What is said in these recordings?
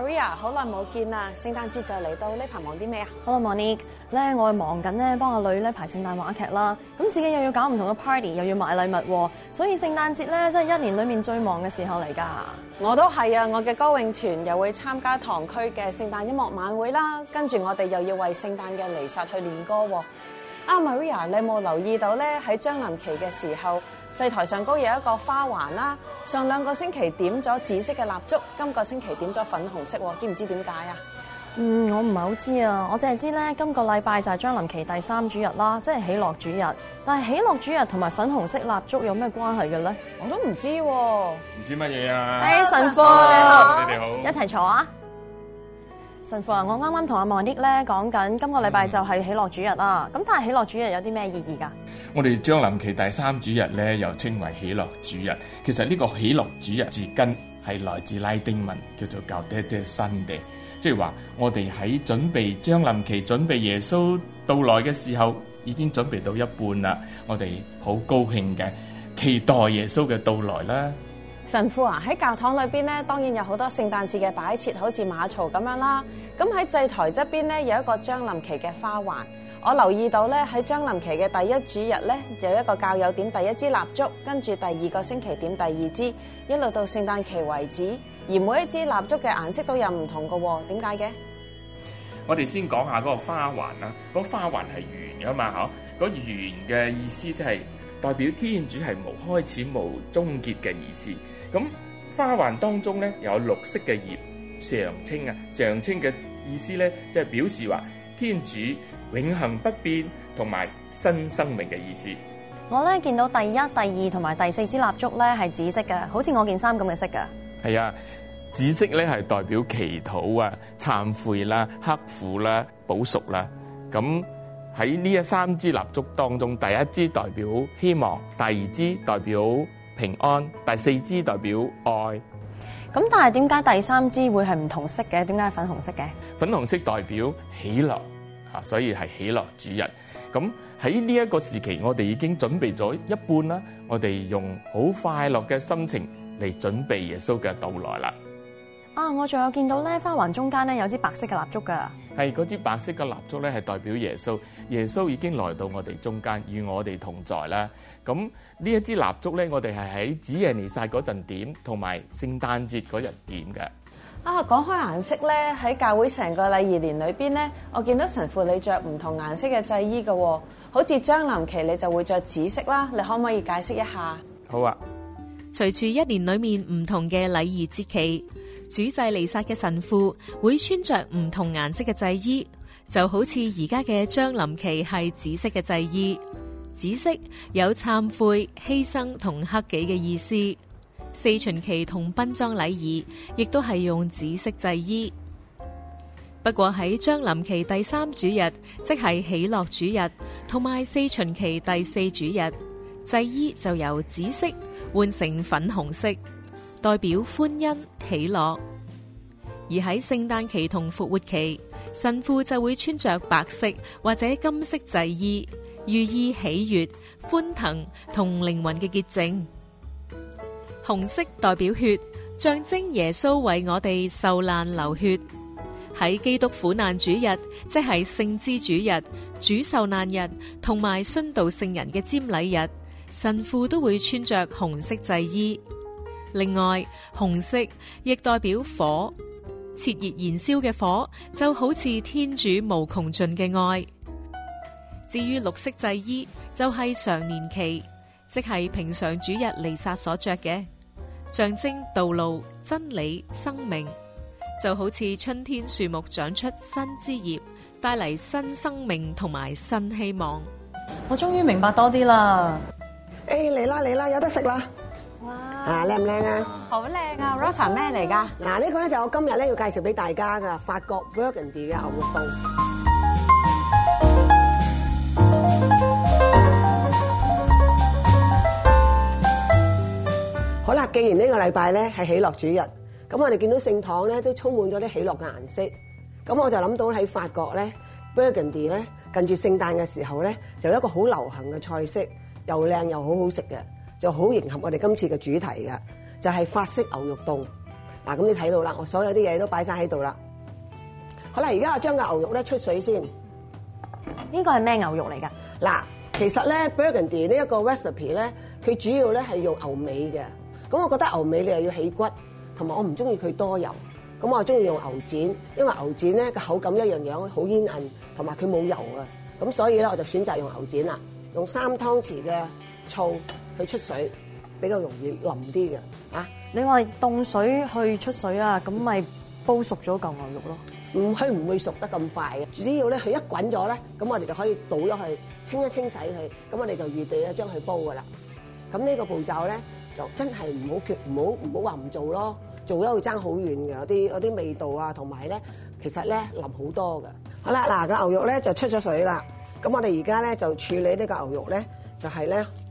Maria 好耐冇見啦，聖誕節就嚟到，呢排忙啲咩啊？Hello，Monique 我係忙緊咧，幫阿女咧排聖誕話劇啦。咁自己又要搞唔同嘅 party，又要買禮物，所以聖誕節咧真係一年裏面最忙嘅時候嚟噶。我都係啊，我嘅歌詠團又會參加堂區嘅聖誕音樂晚會啦，跟住我哋又要為聖誕嘅彌撒去練歌。啊，Maria，你有冇留意到咧？喺張林琪嘅時候。祭台上高有一個花環啦，上兩個星期點咗紫色嘅蠟燭，今個星期點咗粉紅色，知唔知點解啊？嗯，我唔係好知啊，我淨係知咧今個禮拜就係將臨期第三主日啦，即係喜樂主日。但係喜樂主日同埋粉紅色蠟燭有咩關係嘅咧？我都唔知，唔知乜嘢啊？誒，神父你好，你哋好，一齊坐啊！神父啊，我啱啱同阿望益咧講緊，今個禮拜就係喜樂主日啦。咁但係喜樂主日有啲咩意義噶？我哋將臨期第三主日咧，又稱為喜樂主日。其實呢個喜樂主日，字根係來自拉丁文，叫做 Gaudete 新地，即係話我哋喺準備將臨期準備耶穌到來嘅時候，已經準備到一半啦。我哋好高興嘅，期待耶穌嘅到來啦。神父啊，喺教堂裏邊咧，當然有好多聖誕節嘅擺設，好似馬槽咁樣啦。咁喺祭台側邊咧，有一個將臨期嘅花環。我留意到咧，喺將臨期嘅第一主日咧，有一個教友點第一支蠟燭，跟住第二個星期點第二支，一路到聖誕期為止。而每一支蠟燭嘅顏色都有唔同嘅，點解嘅？我哋先講下嗰個花環啦。嗰個花環係圓嘅嘛，吓、嗰個圓嘅意思就係代表天主係無開始、無終結嘅意思。咁花環當中咧，有綠色嘅葉，常青啊！常青嘅意思咧，即係表示話天主永恆不變同埋新生命嘅意思。我咧見到第一、第二同埋第四支蠟燭咧係紫色嘅，好似我件衫咁嘅色噶。係啊，紫色咧係代表祈禱啊、懺悔啦、刻苦啦、補贖啦。咁喺呢一三支蠟燭當中，第一支代表希望，第二支代表。平安，第四支代表愛。咁但係點解第三支會係唔同色嘅？點解係粉紅色嘅？粉紅色代表喜樂，吓，所以係喜樂主日。咁喺呢一個時期，我哋已經準備咗一半啦。我哋用好快樂嘅心情嚟準備耶穌嘅到來啦。啊！我仲有見到咧，花環中間咧有支白色嘅蠟燭噶，係嗰支白色嘅蠟燭咧，係代表耶穌，耶穌已經來到我哋中間，與我哋同在啦。咁呢一支蠟燭咧，我哋係喺子夜彌撒嗰陣點，同埋聖誕節嗰日點嘅。啊，講開顏色咧，喺教會成個禮儀年裏邊咧，我見到神父你着唔同顏色嘅祭衣噶，好似將臨期你就會着紫色啦。你可唔可以解釋一下？好啊，隨住一年裏面唔同嘅禮儀節期。主祭彌撒嘅神父會穿着唔同顏色嘅祭衣，就好似而家嘅將臨期係紫色嘅祭衣。紫色有懺悔、犧牲同克己嘅意思。四旬期同殯葬禮儀亦都係用紫色祭衣。不過喺將臨期第三主日，即係喜樂主日，同埋四旬期第四主日，祭衣就由紫色換成粉紅色。代表歡欣喜樂，而喺聖誕期同復活期，神父就會穿着白色或者金色祭衣，寓意喜悅、歡騰同靈魂嘅潔淨。紅色代表血，象徵耶穌為我哋受難流血。喺基督苦難主日，即係聖枝主日、主受難日同埋殉道聖人嘅瞻禮日，神父都會穿着紅色祭衣。另外，紅色亦代表火，熾熱燃燒嘅火，就好似天主無窮盡嘅愛。至於綠色祭衣就係、是、常年期，即係平常主日彌撒所着嘅，象徵道路、真理、生命，就好似春天樹木長出新枝葉，帶嚟新生命同埋新希望。我終於明白多啲啦！誒、哎，嚟啦，嚟啦，有得食啦！美不美啊？靚唔靚啊？好靚啊，Rosa 咩嚟噶？嗱、這、呢個咧就我今日咧要介紹俾大家噶，法國 Burgundy 嘅牛肉凍。好啦，既然呢個禮拜咧係喜樂主日，咁我哋見到聖堂咧都充滿咗啲喜樂嘅顏色，咁我就諗到喺法國咧，Burgundy 咧，近住聖誕嘅時候咧，就有一個好流行嘅菜式，又靚又好好食嘅。就好迎合我哋今次嘅主題嘅，就係法式牛肉凍。嗱，咁你睇到啦，我所有啲嘢都擺晒喺度啦。好啦，而家我將個牛肉咧出水先。呢個係咩牛肉嚟㗎？嗱，其實咧，Burgundy 呢一個 recipe 咧，佢主要咧係用牛尾嘅。咁我覺得牛尾你又要起骨，同埋我唔中意佢多油，咁我中意用牛展，因為牛展咧個口感一樣樣好煙韌，同埋佢冇油啊。咁所以咧，我就選擇用牛展啦。用三湯匙嘅醋。佢出水比較容易腍啲嘅啊！你話凍水去出水啊？咁咪煲熟咗嚿牛肉咯？唔，佢唔會熟得咁快嘅。只要咧，佢一滾咗咧，咁我哋就可以倒咗去清一清洗佢。咁我哋就預備咧將佢煲噶啦。咁呢個步驟咧就真係唔好缺，唔好唔好話唔做咯。做咗會爭好遠嘅，有啲有啲味道啊，同埋咧其實咧腍好多嘅。好啦，嗱個牛肉咧就出咗水啦。咁我哋而家咧就處理呢個牛肉咧，就係咧。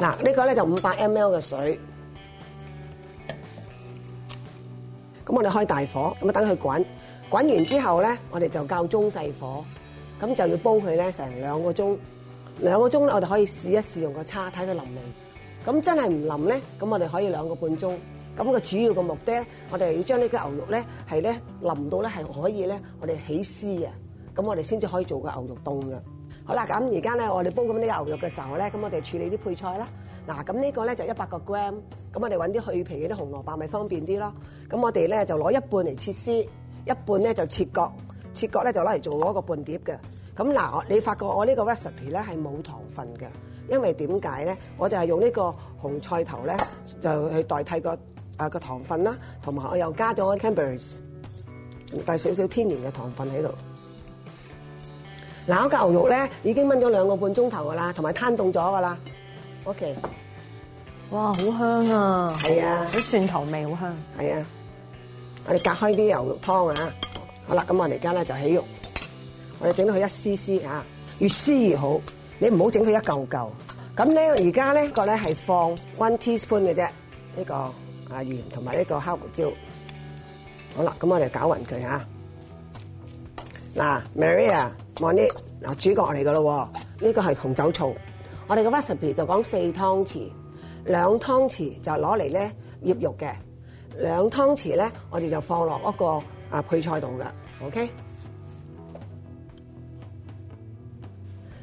嗱，呢個咧就五百 mL 嘅水，咁我哋開大火，咁啊等佢滾，滾完之後咧，我哋就較中細火，咁就要煲佢咧成兩個鐘，兩個鐘咧我哋可以試一試用個叉睇佢淋未，咁真係唔淋咧，咁我哋可以兩個半鐘，咁個主要嘅目的，我哋要將呢個牛肉咧係咧淋到咧係可以咧，我哋起絲嘅，咁我哋先至可以做個牛肉凍嘅。好啦，咁而家咧，我哋煲咁啲牛肉嘅時候咧，咁我哋處理啲配菜啦。嗱，咁呢個咧就一百個 gram，咁我哋揾啲去皮嘅啲紅蘿蔔咪方便啲咯。咁我哋咧就攞一半嚟切絲，一半咧就切角，切角咧就攞嚟做嗰個半碟嘅。咁嗱，你發覺我呢個 recipe 咧係冇糖分嘅，因為點解咧？我就係用呢個紅菜頭咧就去代替個啊個糖分啦，同埋我又加咗 camerise，帶少少天然嘅糖分喺度。嗱，嗰嚿牛肉咧，已經炆咗兩個半鐘頭噶啦，同埋攤凍咗噶啦。OK，哇，好香啊！係啊，啲蒜頭味好香。係啊，我哋隔開啲牛肉湯啊。好啦，咁我哋而家咧就起肉，我哋整到佢一絲絲啊，越絲越好。你唔好整佢一嚿嚿。咁咧，而家咧，我咧係放 one teaspoon 嘅啫，呢個啊鹽同埋呢個黑胡椒。好啦，咁我哋搞勻佢啊。嗱，Maria。望啲嗱主角嚟噶咯，呢個係紅酒醋。我哋嘅 recipe 就講四湯匙，兩湯匙就攞嚟咧醃肉嘅，兩湯匙咧我哋就放落一個啊配菜度噶，OK。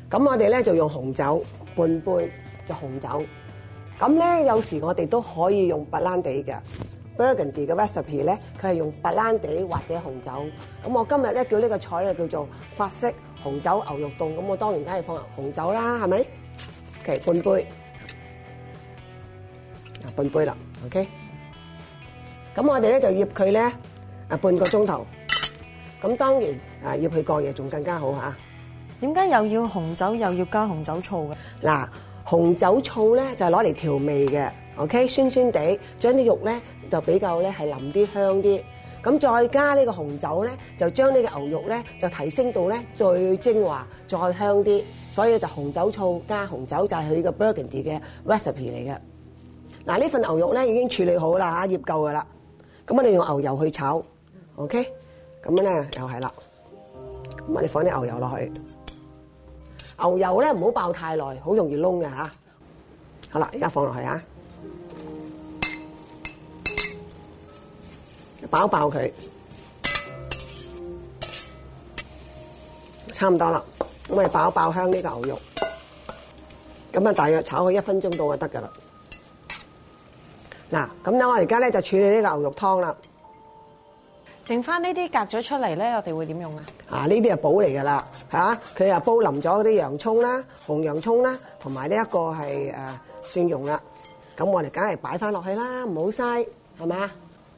咁我哋咧就用紅酒半杯，就紅酒。咁咧有時我哋都可以用白蘭地嘅。Burgundy 嘅 recipe 咧，佢係用白蘭地或者紅酒。咁我今日咧叫呢個菜咧叫做法式紅酒牛肉凍。咁我當然梗係放紅酒啦，係咪？OK，半杯啊，半杯啦。OK，咁我哋咧就醃佢咧啊，半個鐘頭。咁當然啊，醃佢過夜仲更加好嚇。點解又要紅酒又要加紅酒醋嘅？嗱，紅酒醋咧就係攞嚟調味嘅。OK，酸酸地，將啲肉咧就比較咧係腍啲香啲，咁再加呢個紅酒咧，就將呢個牛肉咧就提升到咧最精華，再香啲，所以就紅酒醋加紅酒就係、是、佢個 Burgundy 嘅 recipe 嚟嘅。嗱、啊，呢份牛肉咧已經處理好啦嚇，醃夠噶啦，咁我哋用牛油去炒，OK，咁樣咧又係啦，咁我哋放啲牛油落去，牛油咧唔好爆太耐、啊，好容易燶嘅吓，好啦，而家放落去啊！爆爆佢，差唔多啦，咁咪爆爆香呢個牛肉，咁啊大約炒佢一分鐘到就得噶啦。嗱，咁樣我而家咧就處理呢個牛肉湯啦，剩翻呢啲隔咗出嚟咧，我哋會點用啊？啊，呢啲係寶嚟噶啦，吓佢啊煲淋咗嗰啲洋葱啦、紅洋葱啦，同埋呢一個係誒蒜蓉啦，咁我哋梗係擺翻落去啦，唔好嘥，係嘛？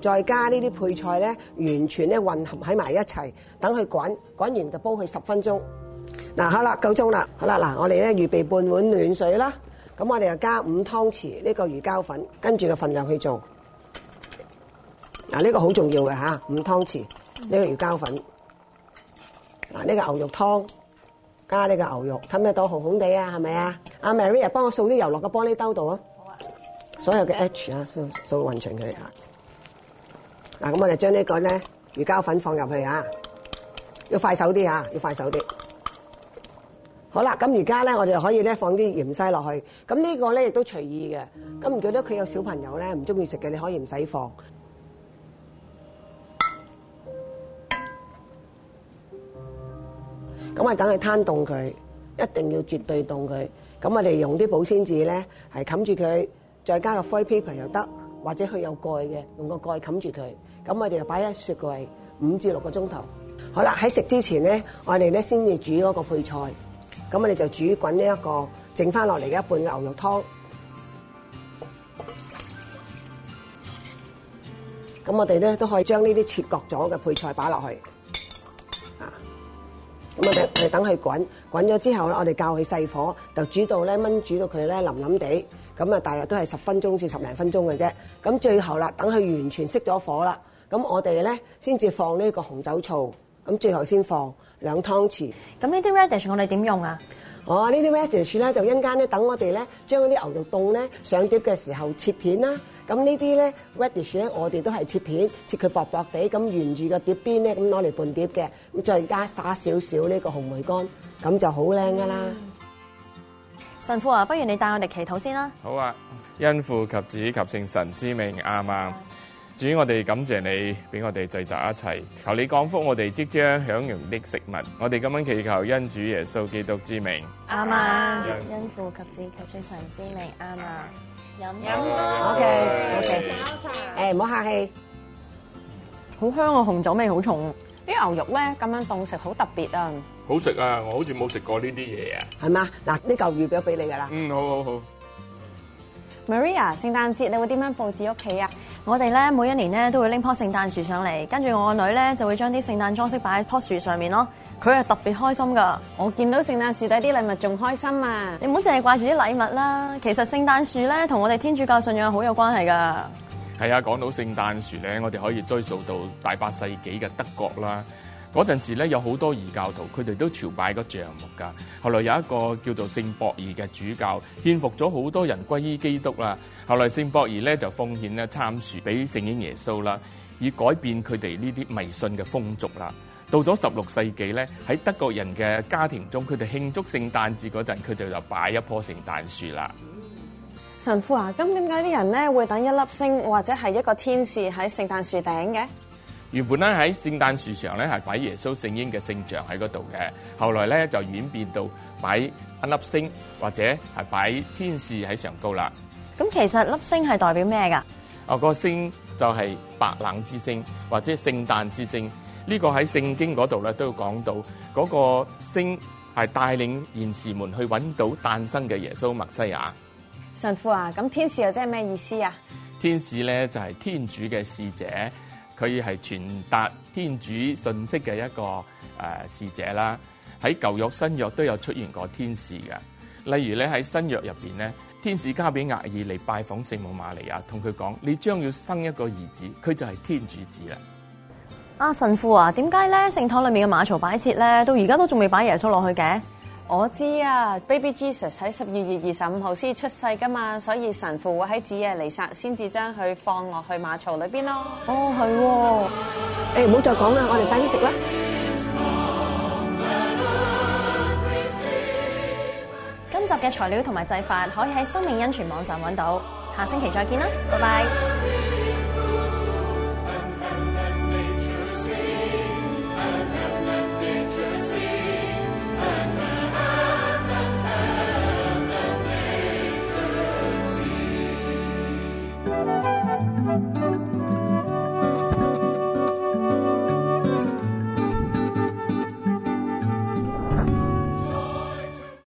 再加呢啲配菜咧，完全咧混合喺埋一齊，等佢滾，滾完就煲佢十分鐘。嗱，好啦，夠鐘啦，好啦嗱，我哋咧預備半碗暖水啦，咁我哋又加五湯匙呢個魚膠粉，跟住個份量去做。嗱，呢個好重要嘅吓，五湯匙呢個魚膠粉。嗱，呢個牛肉湯加呢個牛肉，睇唔睇到紅紅地啊？係咪啊？阿 Maria，幫我掃啲油落個玻璃兜度啊！好啊，所有嘅 H 啊，掃掃匀全佢啊！嗱，咁我哋將呢個咧魚膠粉放入去啊，要快手啲啊，要快手啲。好啦，咁而家咧我哋可以咧放啲芫茜落去，咁呢個咧亦都隨意嘅。咁唔記得佢有小朋友咧唔中意食嘅你可以唔使放。咁啊，等佢攤凍佢，一定要絕對凍佢。咁我哋用啲保鮮紙咧，係冚住佢，再加個 foil paper 又得。或者佢有蓋嘅，用個蓋冚住佢，咁我哋就擺喺雪櫃五至六個鐘頭。好啦，喺食之前咧，我哋咧先至煮嗰個配菜，咁我哋就煮滾呢一個剩翻落嚟嘅一半嘅牛肉湯。咁我哋咧都可以將呢啲切割咗嘅配菜擺落去，啊，咁我哋等佢滾，滾咗之後咧，我哋較佢細火就煮到咧炆煮到佢咧腍腍哋。咁啊，大約都係十分鐘至十零分鐘嘅啫。咁最後啦，等佢完全熄咗火啦，咁我哋咧先至放呢個紅酒醋，咁最後先放兩湯匙。咁呢啲 radish 我哋點用啊？哦，呢啲 radish 咧就一陣間咧等我哋咧將啲牛肉凍咧上碟嘅時候切片啦。咁呢啲咧 radish 咧我哋都係切片，切佢薄薄地，咁沿住個碟邊咧咁攞嚟拌碟嘅。咁再加灑少少呢個紅梅乾，咁就好靚噶啦。神父啊，不如你帶我哋祈禱先啦。好啊，因父及子及聖神之名，啱、啊、至主我哋感謝你，俾我哋聚集一齊，求你降福我哋即將享用的食物。我哋今晚祈求因主耶穌基督之名，啱嘛、啊。因、啊啊、父及子及聖神之名，啱、啊、嘛。飲飲咯。OK OK。誒、okay,，唔好、okay. hey, 客氣。好香啊，紅酒味好重。啲牛肉咧咁樣凍食好特別啊！好食啊！我好似冇食過呢啲嘢啊！係嘛？嗱，呢嚿魚俾俾你噶啦。嗯，好好好。Maria，聖誕節你會點樣布置屋企啊？我哋咧每一年咧都會拎棵聖誕樹上嚟，跟住我個女咧就會將啲聖誕裝飾擺喺棵樹上面咯。佢係特別開心噶，我見到聖誕樹底啲禮物仲開心啊！你唔好淨係掛住啲禮物啦，其實聖誕樹咧同我哋天主教信仰好有關係噶。係啊，講到聖誕樹咧，我哋可以追溯到第八世紀嘅德國啦。嗰陣時咧，有好多異教徒，佢哋都朝拜個橡木噶。後來有一個叫做聖博兒嘅主教，牽服咗好多人歸依基督啦。後來聖博兒咧就奉獻咧杉樹俾聖嬰耶穌啦，以改變佢哋呢啲迷信嘅風俗啦。到咗十六世紀咧，喺德國人嘅家庭中，佢哋慶祝聖誕節嗰陣，佢哋就擺一棵聖誕樹啦。神父啊，咁點解啲人咧，會等一粒星或者係一個天使喺聖誕樹頂嘅？原本咧喺聖誕樹上咧係擺耶穌聖嬰嘅聖像喺嗰度嘅，後來咧就演變到擺一粒星或者係擺天使喺上高啦。咁其實粒星係代表咩㗎？哦，個星就係白冷之星或者聖誕之星。呢個喺聖經嗰度咧都講到嗰個星係帶領賢士們去搵到誕生嘅耶穌，默西亞。神父啊，咁天使又即係咩意思啊？天使咧就係、是、天主嘅使者，佢係傳達天主信息嘅一個誒、呃、使者啦。喺舊約、新約都有出現過天使嘅。例如咧喺新約入邊咧，天使加俾額爾嚟拜訪聖母瑪利亞，同佢講你將要生一個兒子，佢就係天主子啦。阿、啊、神父啊，點解咧聖堂裏面嘅馬槽擺設咧，到而家都仲未擺耶穌落去嘅？我知啊，Baby Jesus 喺十二月二十五號先出世噶嘛，所以神父會喺子夜彌撒，先至將佢放落去馬槽裏邊咯。哦、oh，啊，係喎。誒，唔好再講啦，我哋快啲食啦。今集嘅材料同埋製法可以喺生命恩泉網站揾到，下星期再見啦，拜拜。